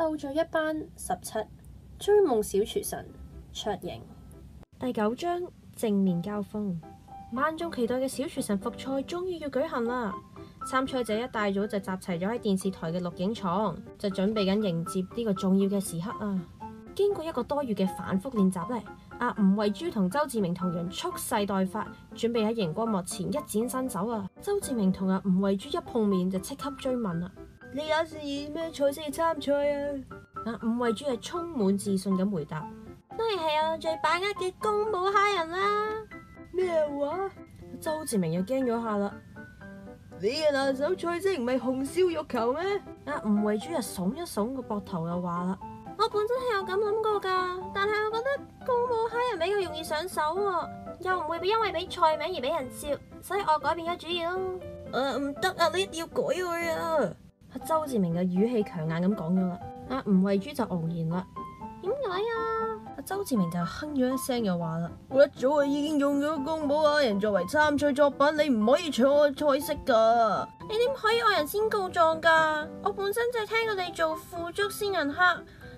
鬥嘴一班十七，追夢小廚神卓瑩，第九章正面交鋒。萬眾期待嘅小廚神復賽終於要舉行啦！參賽者一大早就集齊咗喺電視台嘅錄影廠，就準備緊迎接呢個重要嘅時刻啊！經過一個多月嘅反復練習咧，阿、啊、吳慧珠同周志明同樣蓄勢待發，準備喺熒光幕前一展身手啊！周志明同阿吳慧珠一碰面就即刻追問啦、啊。你有以咩菜式參賽啊？阿吳慧珠係充滿自信咁回答：當然係我最把握嘅宮保蝦仁啦。咩話麼？周志 明又驚咗下啦。你嘅拿手菜式唔係紅燒肉球咩？阿吳慧珠又聳一聳個膊頭，又話啦：我本身係有咁諗過噶，但係我覺得宮保蝦仁比較容易上手、啊，又唔會因為俾菜名而俾人笑，所以我改變咗主意咯。誒、啊，唔得啊！你一定要改佢啊！阿周志明嘅語氣強硬咁講咗啦，阿吳慧珠就愕然啦，點解啊？阿、啊、周志明就哼咗一聲又話啦，我一早啊已經用咗公寶阿人作為參賽作品，你唔可以搶我菜式噶，你點可以惡人先告狀噶？我本身就係聽過你做腐竹先人黑。」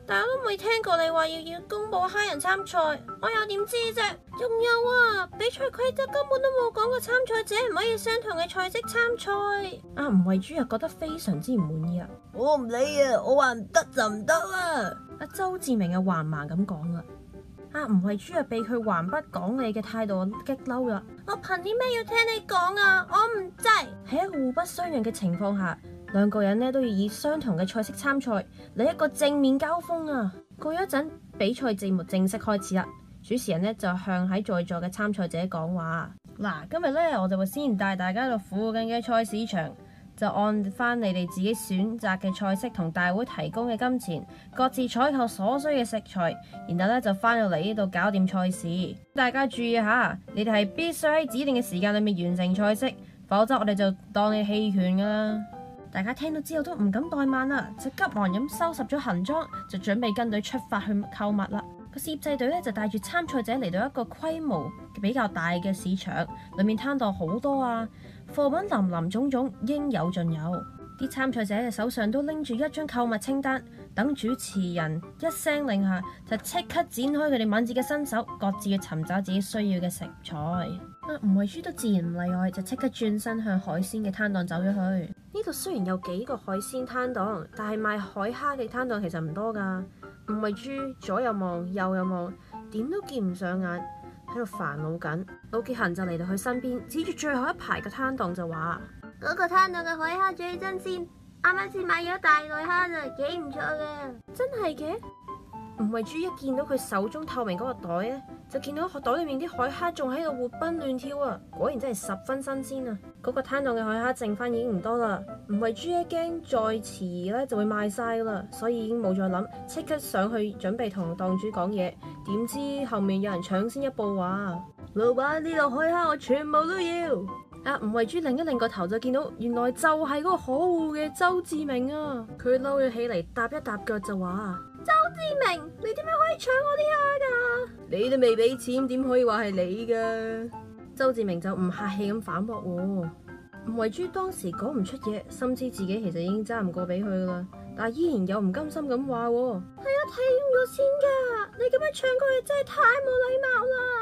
但我都未聽過你話要要公布蝦人參賽，我又點知啫？仲有啊，比賽規則根本都冇講過參賽者唔可以相同嘅菜式參賽。阿、啊、吳慧珠又覺得非常之唔滿意，啊。我唔理啊，我話唔得就唔得啊。阿周志明又橫蠻咁講啊。阿吳慧珠被佢橫不講理嘅態度激嬲啦，我憑啲咩要聽你講啊？我唔制，喺一個互不相讓嘅情況下，兩個人呢都要以相同嘅菜式參賽，嚟一個正面交鋒啊！過一陣比賽節目正式開始啦，主持人呢就向喺在，在座嘅參賽者講話嗱。今日呢，我就會先帶大家到附近嘅菜市場，就按翻你哋自己選擇嘅菜式，同大會提供嘅金錢，各自採購所需嘅食材，然後呢，就翻到嚟呢度搞掂菜市。大家注意下，你哋係必須喺指定嘅時間裏面完成菜式，否則我哋就當你棄權噶啦。大家聽到之後都唔敢怠慢啦，就急忙咁收拾咗行裝，就準備跟隊出發去購物啦。個攝製隊攝製隊呢，就帶住參賽者嚟到一個規模比較大嘅市場，裏面攤檔好多啊，貨品林林總總，應有盡有。啲參賽者嘅手上都拎住一張購物清單，等主持人一聲令下，就即刻展開佢哋敏捷嘅身手，各自去尋找自己需要嘅食材。吳慧珠都自然唔例外，就即刻轉身向海鮮嘅攤檔走咗去。呢度雖然有幾個海鮮攤檔，但係賣海蝦嘅攤檔其實唔多噶。吳慧珠左又望，右又望，點都見唔上眼，喺度煩惱緊。老杰恒就嚟到佢身邊，指住最後一排嘅攤檔就話：嗰個攤檔嘅海蝦最真鮮，啱啱先買咗大對蝦啊，幾唔錯嘅。真係嘅。吳慧珠一見到佢手中透明嗰個袋咧，就見到袋裏面啲海蝦仲喺度活蹦亂跳啊！果然真係十分新鮮啊！嗰個攤檔嘅海蝦剩翻，已經唔多啦，吳慧珠一驚，再遲咧就會賣晒啦，所以已經冇再諗，即刻上去準備同檔主講嘢。點知後面有人搶先一步話啊：老闆，呢度海蝦我全部都要！啊，吳慧珠擰一擰個頭就見到，原來就係嗰個可惡嘅周志明啊！佢嬲咗起嚟，踏一踏腳就話。周志明，你點樣可以搶我啲蝦噶？你都未俾錢，點可以話係你噶？周志明就唔客氣咁反駁喎，吳慧珠當時講唔出嘢，深知自己其實已經爭唔過俾佢啦，但係依然又唔甘心咁話喎，係啊，睇用咗先噶，你咁樣搶佢真係太冇禮貌啦。